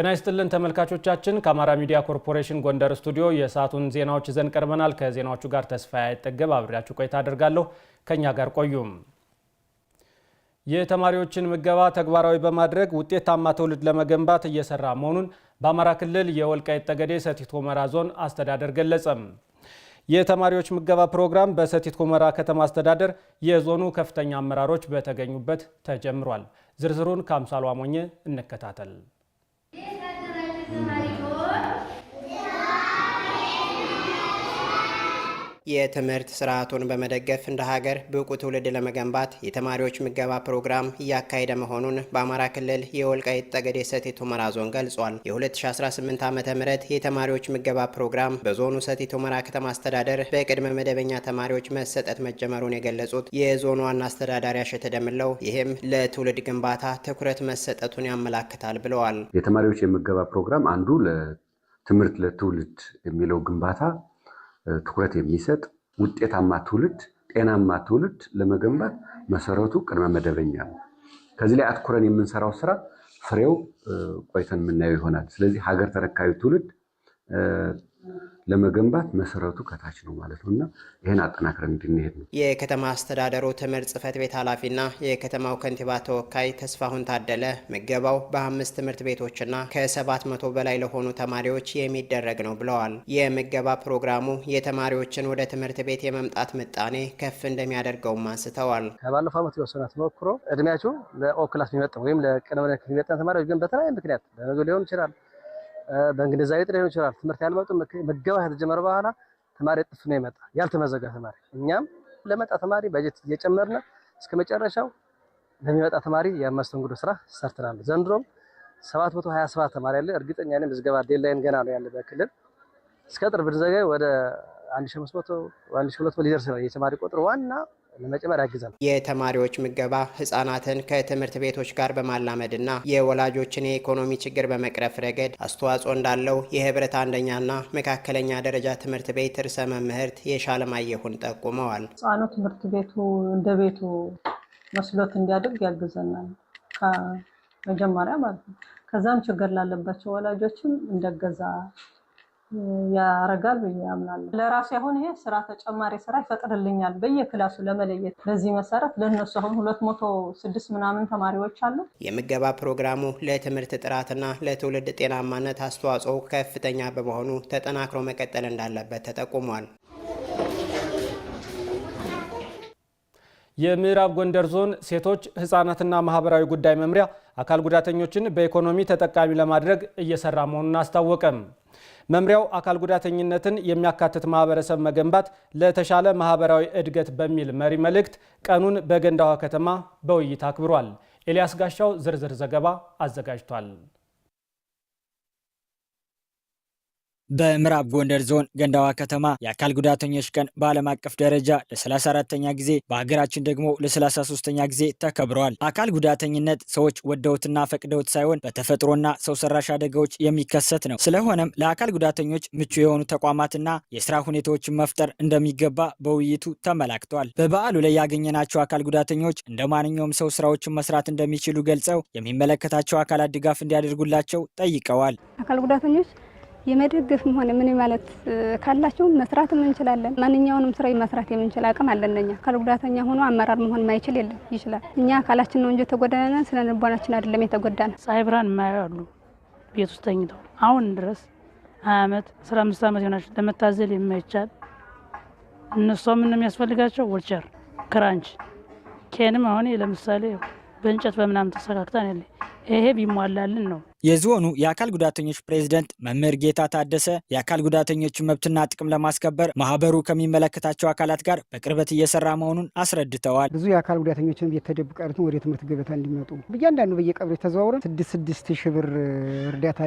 ጤና ይስጥልን ተመልካቾቻችን፣ ከአማራ ሚዲያ ኮርፖሬሽን ጎንደር ስቱዲዮ የሰዓቱን ዜናዎች ይዘን ቀርበናል። ከዜናዎቹ ጋር ተስፋ አይጠገብ አብሬያችሁ ቆይታ አድርጋለሁ ከእኛ ጋር ቆዩም። የተማሪዎችን ምገባ ተግባራዊ በማድረግ ውጤታማ ትውልድ ለመገንባት እየሰራ መሆኑን በአማራ ክልል የወልቃይት ጠገዴ ሰቲት ሁመራ ዞን አስተዳደር ገለጸም። የተማሪዎች ምገባ ፕሮግራም በሰቲት ሁመራ ከተማ አስተዳደር የዞኑ ከፍተኛ አመራሮች በተገኙበት ተጀምሯል። ዝርዝሩን ከአምሳሉ አሞኘ እንከታተል። mm. የትምህርት ስርዓቱን በመደገፍ እንደ ሀገር ብቁ ትውልድ ለመገንባት የተማሪዎች ምገባ ፕሮግራም እያካሄደ መሆኑን በአማራ ክልል የወልቃይት ጠገዴ ሰቲት ሁመራ ዞን ገልጿል። የ2018 ዓ ም የተማሪዎች ምገባ ፕሮግራም በዞኑ ሰቲት ሁመራ ከተማ አስተዳደር በቅድመ መደበኛ ተማሪዎች መሰጠት መጀመሩን የገለጹት የዞኑ ዋና አስተዳዳሪ አሸተ ደምለው፣ ይህም ለትውልድ ግንባታ ትኩረት መሰጠቱን ያመላክታል ብለዋል። የተማሪዎች የምገባ ፕሮግራም አንዱ ለትምህርት ለትውልድ የሚለው ግንባታ ትኩረት የሚሰጥ ውጤታማ ትውልድ፣ ጤናማ ትውልድ ለመገንባት መሰረቱ ቅድመ መደበኛ ነው። ከዚህ ላይ አትኩረን የምንሰራው ስራ ፍሬው ቆይተን የምናየው ይሆናል። ስለዚህ ሀገር ተረካቢ ትውልድ ለመገንባት መሰረቱ ከታች ነው ማለት ነው እና ይህን አጠናክረን እንድንሄድ ነው። የከተማ አስተዳደሩ ትምህርት ጽህፈት ቤት ኃላፊና የከተማው ከንቲባ ተወካይ ተስፋሁን ታደለ ምገባው በአምስት ትምህርት ቤቶችና ከሰባት መቶ በላይ ለሆኑ ተማሪዎች የሚደረግ ነው ብለዋል። የምገባ ፕሮግራሙ የተማሪዎችን ወደ ትምህርት ቤት የመምጣት ምጣኔ ከፍ እንደሚያደርገውም አንስተዋል። ከባለፈው ዓመት የወሰነ ተሞክሮ እድሜያቸው ለኦክላስ የሚመጠን ወይም ለቅንበ የሚመጠን ተማሪዎች ግን በተለያየ ምክንያት በመዞ ሊሆን ይችላል በእንግሊዛዊ ነው ይችላል። ትምህርት ያልመጡ ምገባ ከተጀመረ በኋላ ተማሪ እጥፍ ነው ይመጣ ያልተመዘገበ ተማሪ። እኛም ለመጣ ተማሪ በጀት እየጨመርነ እስከ መጨረሻው ለሚመጣ ተማሪ የመስተንግዶ ስራ ሰርተናል። ዘንድሮም 727 ተማሪ አለ። እርግጠኛ ነኝ ምዝገባ ዴድላይን ገና ነው ያለ በክልል እስከ ጥር ብንዘገይ ወደ 1500 1200 ሊደርስ ነው የተማሪ ቁጥር ዋና ለመጨመር ያግዛል። የተማሪዎች ምገባ ህጻናትን ከትምህርት ቤቶች ጋር በማላመድና የወላጆችን የኢኮኖሚ ችግር በመቅረፍ ረገድ አስተዋጽኦ እንዳለው የህብረት አንደኛና መካከለኛ ደረጃ ትምህርት ቤት ርዕሰ መምህርት የሻለማየሁን ጠቁመዋል። ህጻኑ ትምህርት ቤቱ እንደ ቤቱ መስሎት እንዲያደርግ ያግዘናል ከመጀመሪያ ማለት ነው። ከዛም ችግር ላለባቸው ወላጆችም እንደገዛ ያረጋል ብዬ ያምናለሁ። ለራሴ አሁን ይሄ ስራ ተጨማሪ ስራ ይፈጥርልኛል በየክላሱ ለመለየት። በዚህ መሰረት ለእነሱ አሁን ሁለት መቶ ስድስት ምናምን ተማሪዎች አሉ። የምገባ ፕሮግራሙ ለትምህርት ጥራትና ለትውልድ ጤናማነት አስተዋጽኦ ከፍተኛ በመሆኑ ተጠናክሮ መቀጠል እንዳለበት ተጠቁሟል። የምዕራብ ጎንደር ዞን ሴቶች ህፃናትና ማህበራዊ ጉዳይ መምሪያ አካል ጉዳተኞችን በኢኮኖሚ ተጠቃሚ ለማድረግ እየሰራ መሆኑን አስታወቀም። መምሪያው አካል ጉዳተኝነትን የሚያካትት ማህበረሰብ መገንባት ለተሻለ ማህበራዊ እድገት በሚል መሪ መልእክት ቀኑን በገንዳዋ ከተማ በውይይት አክብሯል። ኤልያስ ጋሻው ዝርዝር ዘገባ አዘጋጅቷል። በምዕራብ ጎንደር ዞን ገንዳዋ ከተማ የአካል ጉዳተኞች ቀን በዓለም አቀፍ ደረጃ ለ34ተኛ ጊዜ በሀገራችን ደግሞ ለ33ተኛ ጊዜ ተከብረዋል። አካል ጉዳተኝነት ሰዎች ወደውትና ፈቅደውት ሳይሆን በተፈጥሮና ሰው ሰራሽ አደጋዎች የሚከሰት ነው። ስለሆነም ለአካል ጉዳተኞች ምቹ የሆኑ ተቋማትና የስራ ሁኔታዎችን መፍጠር እንደሚገባ በውይይቱ ተመላክቷል። በበዓሉ ላይ ያገኘናቸው አካል ጉዳተኞች እንደ ማንኛውም ሰው ስራዎችን መስራት እንደሚችሉ ገልጸው የሚመለከታቸው አካላት ድጋፍ እንዲያደርጉላቸው ጠይቀዋል። አካል ጉዳተኞች የመደገፍም ሆነ ምን ማለት ካላቸው መስራትም እንችላለን። ማንኛውንም ስራ መስራት የምንችል አቅም አለን። እኛ አካል ጉዳተኛ ሆኖ አመራር መሆን ማይችል የለም፣ ይችላል። እኛ አካላችን ነው እንጂ የተጎዳነን ስነ ልቦናችን አይደለም የተጎዳነ። ፀሐይ ብርሃን የማያዩ ቤት ውስጥ ተኝተው አሁን ድረስ ሀያ ዓመት አስራ አምስት ዓመት የሆናቸው ለመታዘል የማይቻል እነሷ ምን የሚያስፈልጋቸው ወልቸር፣ ክራንች፣ ኬንም አሁን ለምሳሌ በእንጨት በምናምን ተሰካክታን ያለ ይሄ ቢሟላልን ነው የዞኑ የአካል ጉዳተኞች ፕሬዝደንት መምህር ጌታ ታደሰ የአካል ጉዳተኞችን መብትና ጥቅም ለማስከበር ማህበሩ ከሚመለከታቸው አካላት ጋር በቅርበት እየሰራ መሆኑን አስረድተዋል። ብዙ የአካል ጉዳተኞችን እየተደቡ ወደ ትምህርት ገበታ እንዲመጡ በእያንዳንዱ በየቀበሌው ተዘዋውረን ስድስት ስድስት ሺህ ብር እርዳታ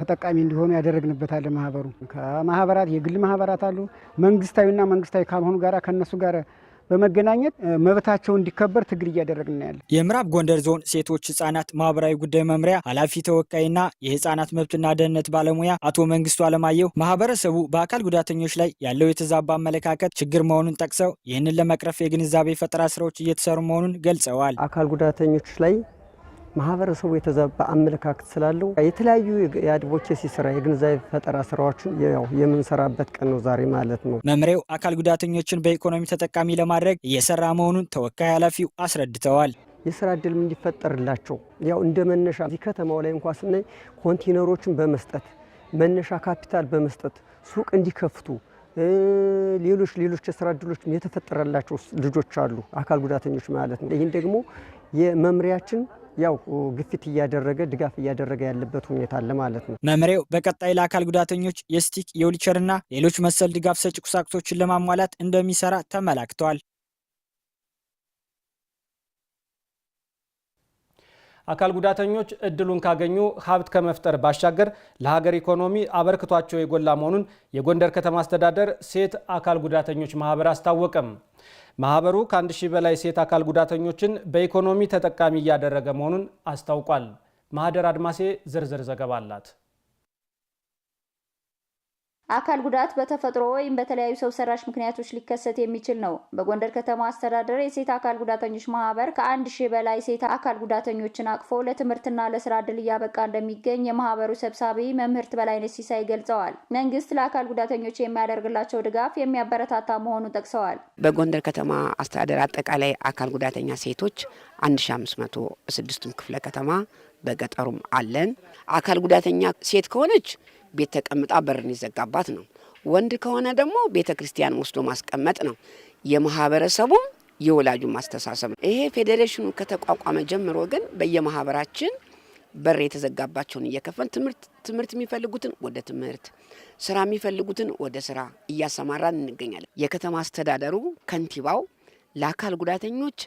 ተጠቃሚ እንዲሆኑ ያደረግንበታል። ማህበሩ ከማህበራት የግል ማህበራት አሉ መንግስታዊና መንግስታዊ ካልሆኑ ጋር ከነሱ ጋር በመገናኘት መብታቸው እንዲከበር ትግል እያደረግን ያለ የምዕራብ ጎንደር ዞን ሴቶች ህጻናት ማህበራዊ ጉዳይ መምሪያ ኃላፊ ተወካይና የህጻናት መብትና ደህንነት ባለሙያ አቶ መንግስቱ አለማየሁ ማህበረሰቡ በአካል ጉዳተኞች ላይ ያለው የተዛባ አመለካከት ችግር መሆኑን ጠቅሰው ይህንን ለመቅረፍ የግንዛቤ ፈጠራ ስራዎች እየተሰሩ መሆኑን ገልጸዋል። አካል ጉዳተኞች ላይ ማህበረሰቡ የተዛባ አመለካከት ስላለው የተለያዩ የአድቮኬሲ ስራ የግንዛቤ ፈጠራ ስራዎችን የምንሰራበት ቀን ነው ዛሬ ማለት ነው። መምሬው አካል ጉዳተኞችን በኢኮኖሚ ተጠቃሚ ለማድረግ እየሰራ መሆኑን ተወካይ ኃላፊው አስረድተዋል። የስራ እድልም እንዲፈጠርላቸው ያው እንደ መነሻ እዚህ ከተማው ላይ እንኳ ስናይ ኮንቴነሮችን በመስጠት መነሻ ካፒታል በመስጠት ሱቅ እንዲከፍቱ ሌሎች ሌሎች የስራ እድሎች የተፈጠረላቸው ልጆች አሉ፣ አካል ጉዳተኞች ማለት ነው። ይህን ደግሞ የመምሪያችን ያው ግፊት እያደረገ ድጋፍ እያደረገ ያለበት ሁኔታ አለ ማለት ነው። መምሪያው በቀጣይ ለአካል ጉዳተኞች የስቲክ የዊልቸርና ሌሎች መሰል ድጋፍ ሰጪ ቁሳቁሶችን ለማሟላት እንደሚሰራ ተመላክተዋል። አካል ጉዳተኞች እድሉን ካገኙ ሀብት ከመፍጠር ባሻገር ለሀገር ኢኮኖሚ አበርክቷቸው የጎላ መሆኑን የጎንደር ከተማ አስተዳደር ሴት አካል ጉዳተኞች ማህበር አስታወቀም። ማህበሩ ከአንድ ሺህ በላይ ሴት አካል ጉዳተኞችን በኢኮኖሚ ተጠቃሚ እያደረገ መሆኑን አስታውቋል። ማህደር አድማሴ ዝርዝር ዘገባ አላት። አካል ጉዳት በተፈጥሮ ወይም በተለያዩ ሰው ሰራሽ ምክንያቶች ሊከሰት የሚችል ነው። በጎንደር ከተማ አስተዳደር የሴት አካል ጉዳተኞች ማህበር ከአንድ ሺህ በላይ ሴት አካል ጉዳተኞችን አቅፎ ለትምህርትና ለስራ እድል እያበቃ እንደሚገኝ የማህበሩ ሰብሳቢ መምህርት በላይነ ሲሳይ ገልጸዋል። መንግስት ለአካል ጉዳተኞች የሚያደርግላቸው ድጋፍ የሚያበረታታ መሆኑን ጠቅሰዋል። በጎንደር ከተማ አስተዳደር አጠቃላይ አካል ጉዳተኛ ሴቶች 1506ቱም ክፍለ ከተማ በገጠሩም አለን። አካል ጉዳተኛ ሴት ከሆነች ቤት ተቀምጣ በርን ይዘጋባት ነው። ወንድ ከሆነ ደግሞ ቤተ ክርስቲያን ወስዶ ማስቀመጥ ነው። የማህበረሰቡም የወላጁ ማስተሳሰብ ነው። ይሄ ፌዴሬሽኑ ከተቋቋመ ጀምሮ ግን በየማህበራችን በር የተዘጋባቸውን እየከፈል ትምህርት ትምህርት የሚፈልጉትን ወደ ትምህርት፣ ስራ የሚፈልጉትን ወደ ስራ እያሰማራን እንገኛለን። የከተማ አስተዳደሩ ከንቲባው ለአካል ጉዳተኞች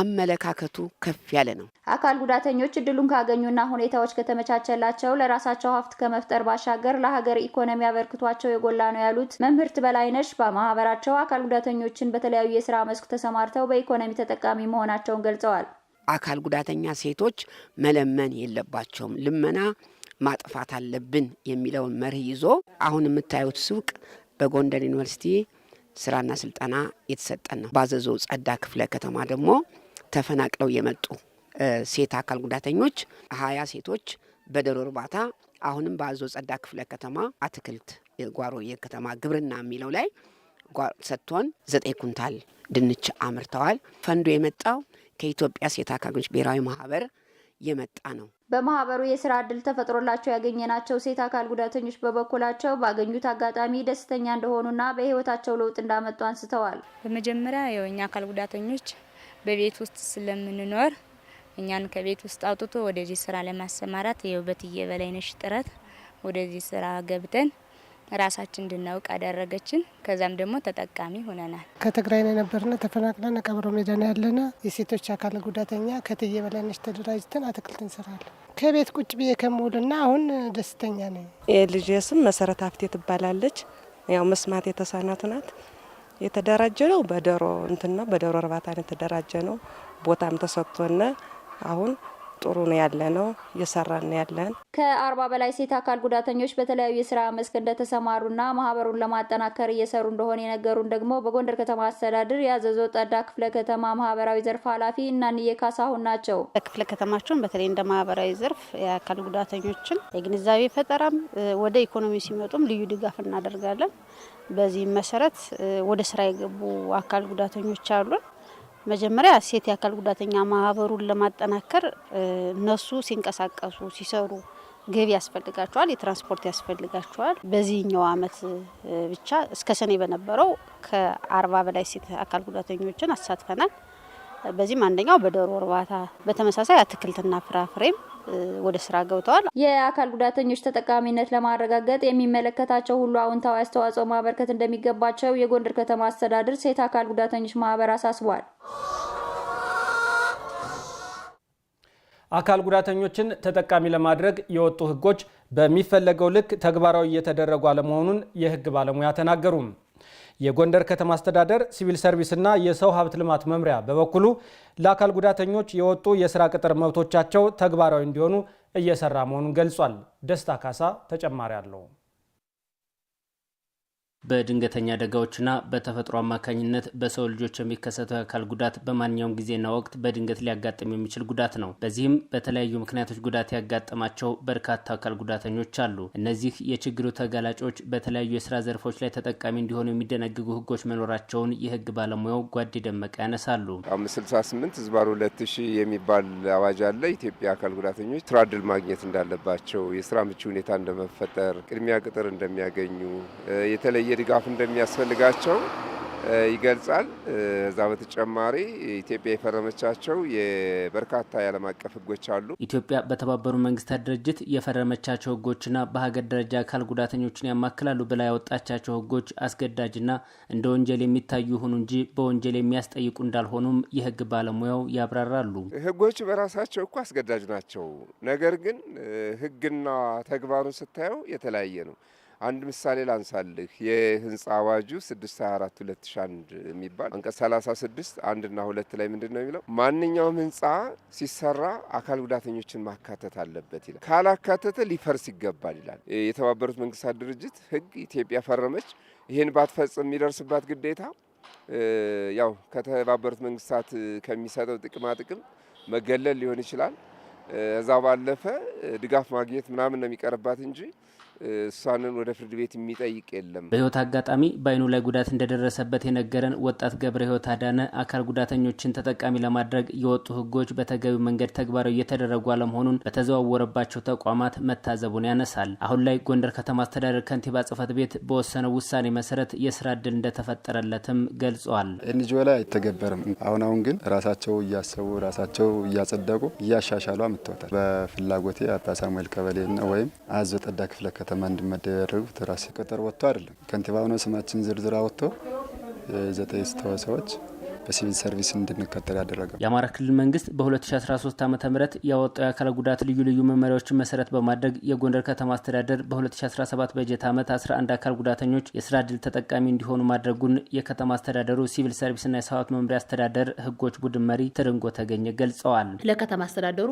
አመለካከቱ ከፍ ያለ ነው። አካል ጉዳተኞች እድሉን ካገኙና ሁኔታዎች ከተመቻቸላቸው ለራሳቸው ሀብት ከመፍጠር ባሻገር ለሀገር ኢኮኖሚ አበርክቷቸው የጎላ ነው ያሉት መምህርት በላይነሽ በማህበራቸው አካል ጉዳተኞችን በተለያዩ የስራ መስክ ተሰማርተው በኢኮኖሚ ተጠቃሚ መሆናቸውን ገልጸዋል። አካል ጉዳተኛ ሴቶች መለመን የለባቸውም፣ ልመና ማጥፋት አለብን የሚለውን መርህ ይዞ አሁን የምታዩት ሱቅ በጎንደር ዩኒቨርሲቲ ስራና ስልጠና የተሰጠን ነው። ባዘዞ ጸዳ ክፍለ ከተማ ደግሞ ተፈናቅለው የመጡ ሴት አካል ጉዳተኞች ሀያ ሴቶች በዶሮ እርባታ አሁንም በአዞ ጸዳ ክፍለ ከተማ አትክልት ጓሮ የከተማ ግብርና የሚለው ላይ ሰጥቶን ዘጠኝ ኩንታል ድንች አምርተዋል። ፈንዱ የመጣው ከኢትዮጵያ ሴት አካል ጉዳተኞች ብሔራዊ ማህበር የመጣ ነው። በማህበሩ የስራ እድል ተፈጥሮላቸው ያገኘናቸው ሴት አካል ጉዳተኞች በበኩላቸው ባገኙት አጋጣሚ ደስተኛ እንደሆኑና በህይወታቸው ለውጥ እንዳመጡ አንስተዋል። በመጀመሪያ የኛ አካል ጉዳተኞች በቤት ውስጥ ስለምንኖር እኛን ከቤት ውስጥ አውጥቶ ወደዚህ ስራ ለማሰማራት የውበትዬ በላይነሽ ጥረት ወደዚህ ስራ ገብተን ራሳችን እንድናውቅ አደረገችን። ከዛም ደግሞ ተጠቃሚ ሆነናል። ከትግራይ ነው የነበርና ተፈናቅለን ቀብሮ ሜዳ ነው ያለነ የሴቶች አካል ጉዳተኛ ከትዬ በላይነሽ ተደራጅተን አትክልት እንሰራለን። ከቤት ቁጭ ብዬ ከምውልና አሁን ደስተኛ ነኝ። የልጄ ስም መሰረት ሀፍቴ ትባላለች። ያው መስማት የተሳናት ናት። የተደራጀ ነው። በደሮ እንትን ነው፣ በዶሮ እርባታ የተደራጀ ነው። ቦታም ተሰጥቶነ አሁን ጥሩ ነው ያለ ነው እየሰራን ነው ያለን። ከአርባ በላይ ሴት አካል ጉዳተኞች በተለያዩ የስራ መስክ እንደተሰማሩና ማህበሩን ለማጠናከር እየሰሩ እንደሆነ የነገሩን ደግሞ በጎንደር ከተማ አስተዳደር የአዘዞ ጠዳ ክፍለ ከተማ ማህበራዊ ዘርፍ ኃላፊ እናንዬ ካሳሁን ናቸው። ክፍለ ከተማቸውን በተለይ እንደ ማህበራዊ ዘርፍ የአካል ጉዳተኞችን የግንዛቤ ፈጠራም ወደ ኢኮኖሚ ሲመጡም ልዩ ድጋፍ እናደርጋለን። በዚህም መሰረት ወደ ስራ የገቡ አካል ጉዳተኞች አሉን። መጀመሪያ ሴት የአካል ጉዳተኛ ማህበሩን ለማጠናከር እነሱ ሲንቀሳቀሱ ሲሰሩ ገቢ ያስፈልጋቸዋል፣ የትራንስፖርት ያስፈልጋቸዋል። በዚህኛው አመት ብቻ እስከ ሰኔ በነበረው ከአርባ በላይ ሴት አካል ጉዳተኞችን አሳትፈናል። በዚህም አንደኛው በዶሮ እርባታ በተመሳሳይ አትክልትና ፍራፍሬም ወደ ስራ ገብተዋል። የአካል ጉዳተኞች ተጠቃሚነት ለማረጋገጥ የሚመለከታቸው ሁሉ አውንታዊ አስተዋጽኦ ማበርከት እንደሚገባቸው የጎንደር ከተማ አስተዳደር ሴት አካል ጉዳተኞች ማህበር አሳስቧል። አካል ጉዳተኞችን ተጠቃሚ ለማድረግ የወጡ ህጎች በሚፈለገው ልክ ተግባራዊ እየተደረጉ አለመሆኑን የህግ ባለሙያ ተናገሩም። የጎንደር ከተማ አስተዳደር ሲቪል ሰርቪስና የሰው ሀብት ልማት መምሪያ በበኩሉ ለአካል ጉዳተኞች የወጡ የስራ ቅጥር መብቶቻቸው ተግባራዊ እንዲሆኑ እየሰራ መሆኑን ገልጿል። ደስታ ካሳ ተጨማሪ አለው። በድንገተኛ አደጋዎችና በተፈጥሮ አማካኝነት በሰው ልጆች የሚከሰተው የአካል ጉዳት በማንኛውም ጊዜና ወቅት በድንገት ሊያጋጥም የሚችል ጉዳት ነው። በዚህም በተለያዩ ምክንያቶች ጉዳት ያጋጠማቸው በርካታ አካል ጉዳተኞች አሉ። እነዚህ የችግሩ ተጋላጮች በተለያዩ የስራ ዘርፎች ላይ ተጠቃሚ እንዲሆኑ የሚደነግጉ ህጎች መኖራቸውን የህግ ባለሙያው ጓዴ ደመቀ ያነሳሉ። አምስት ስልሳ ስምንት ህዝባር ሁለት የሚባል አዋጅ አለ። ኢትዮጵያ አካል ጉዳተኞች ስራ እድል ማግኘት እንዳለባቸው፣ የስራ ምቹ ሁኔታ እንደመፈጠር፣ ቅድሚያ ቅጥር እንደሚያገኙ የተለየ ድጋፍ እንደሚያስፈልጋቸው ይገልጻል። እዛ በተጨማሪ ኢትዮጵያ የፈረመቻቸው የበርካታ የዓለም አቀፍ ህጎች አሉ። ኢትዮጵያ በተባበሩ መንግስታት ድርጅት የፈረመቻቸው ህጎችና በሀገር ደረጃ አካል ጉዳተኞችን ያማክላሉ ብላ ያወጣቻቸው ህጎች አስገዳጅና እንደ ወንጀል የሚታዩ ይሁኑ እንጂ በወንጀል የሚያስጠይቁ እንዳልሆኑም የህግ ባለሙያው ያብራራሉ። ህጎች በራሳቸው እኮ አስገዳጅ ናቸው። ነገር ግን ህግና ተግባሩን ስታየው የተለያየ ነው። አንድ ምሳሌ ላንሳልህ። የህንፃ አዋጁ 624 2001 የሚባል አንቀጽ 36 አንድና ሁለት ላይ ምንድን ነው የሚለው? ማንኛውም ህንፃ ሲሰራ አካል ጉዳተኞችን ማካተት አለበት ይላል። ካላካተተ ሊፈርስ ይገባል ይላል የተባበሩት መንግስታት ድርጅት ህግ። ኢትዮጵያ ፈረመች። ይህን ባትፈጽም የሚደርስባት ግዴታ ያው ከተባበሩት መንግስታት ከሚሰጠው ጥቅማ ጥቅም መገለል ሊሆን ይችላል። እዛ ባለፈ ድጋፍ ማግኘት ምናምን ነው የሚቀርባት እንጂ እሷንን ወደ ፍርድ ቤት የሚጠይቅ የለም። በህይወት አጋጣሚ በአይኑ ላይ ጉዳት እንደደረሰበት የነገረን ወጣት ገብረ ህይወት አዳነ አካል ጉዳተኞችን ተጠቃሚ ለማድረግ የወጡ ህጎች በተገቢው መንገድ ተግባራዊ እየተደረጉ አለመሆኑን በተዘዋወረባቸው ተቋማት መታዘቡን ያነሳል። አሁን ላይ ጎንደር ከተማ አስተዳደር ከንቲባ ጽህፈት ቤት በወሰነው ውሳኔ መሰረት የስራ እድል እንደተፈጠረለትም ገልጿል። ኤንጂኦ ላይ አይተገበርም። አሁን አሁን ግን ራሳቸው እያሰቡ ራሳቸው እያጸደቁ እያሻሻሉ አምጥተውታል። በፍላጎቴ አባ ሳሙኤል ቀበሌ ወይም አዞ ጠዳ ክፍለ ከተማ እንዲመደብ ያደረጉት ራሴ ቀጠር ወጥቶ አይደለም። ከንቲባ ሆነ ስማችን ዝርዝር ወጥቶ የዘጠኝ ተዋሳዮች በሲቪል ሰርቪስ እንድንከተል ያደረገው የአማራ ክልል መንግስት በ2013 ዓ ም ያወጣው የአካል ጉዳት ልዩ ልዩ መመሪያዎችን መሰረት በማድረግ የጎንደር ከተማ አስተዳደር በ2017 በጀት ዓመት 11 አካል ጉዳተኞች የስራ ድል ተጠቃሚ እንዲሆኑ ማድረጉን የከተማ አስተዳደሩ ሲቪል ሰርቪስና የሰዋት መምሪያ አስተዳደር ህጎች ቡድን መሪ ትርንጎ ተገኘ ገልጸዋል። ለከተማ አስተዳደሩ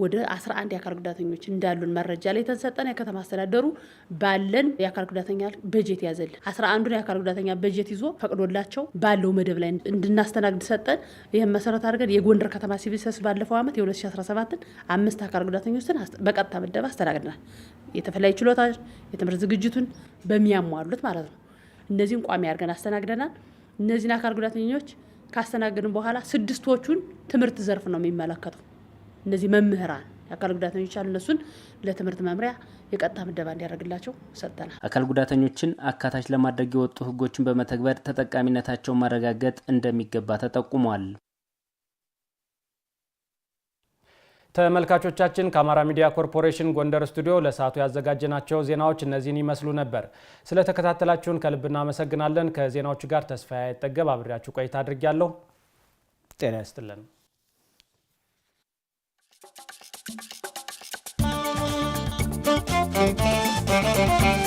ወደ 11 የአካል ጉዳተኞች እንዳሉን መረጃ ላይ የተሰጠን የከተማ አስተዳደሩ ባለን የአካል ጉዳተኛ በጀት ያዘልን 11ዱን የአካል ጉዳተኛ በጀት ይዞ ፈቅዶላቸው ባለው መደብ ላይ እንድናስተናግድ ሰጠን። ይህም መሰረት አድርገን የጎንደር ከተማ ሲቪል ሰርቪስ ባለፈው ዓመት የ 2017 አምስት አካል ጉዳተኞችን በቀጥታ መደብ አስተናግድናል። የተፈላይ ችሎታ የትምህርት ዝግጅቱን በሚያሟሉት ማለት ነው። እነዚህን ቋሚ አድርገን አስተናግደናል። እነዚህን አካል ጉዳተኞች ካስተናግድን በኋላ ስድስቶቹን ትምህርት ዘርፍ ነው የሚመለከተው። እነዚህ መምህራን አካል ጉዳተኞች አሉ። እነሱን ለትምህርት መምሪያ የቀጥታ ምደባ እንዲያደርግላቸው ሰጠናል። አካል ጉዳተኞችን አካታች ለማድረግ የወጡ ህጎችን በመተግበር ተጠቃሚነታቸውን ማረጋገጥ እንደሚገባ ተጠቁሟል። ተመልካቾቻችን ከአማራ ሚዲያ ኮርፖሬሽን ጎንደር ስቱዲዮ ለሰዓቱ ያዘጋጀናቸው ዜናዎች እነዚህን ይመስሉ ነበር። ስለተከታተላችሁን ከልብ እናመሰግናለን። ከዜናዎቹ ጋር ተስፋ አይጠገብ አብሬያችሁ ቆይታ አድርጊያለሁ። ጤና ይስጥልን። Thank you.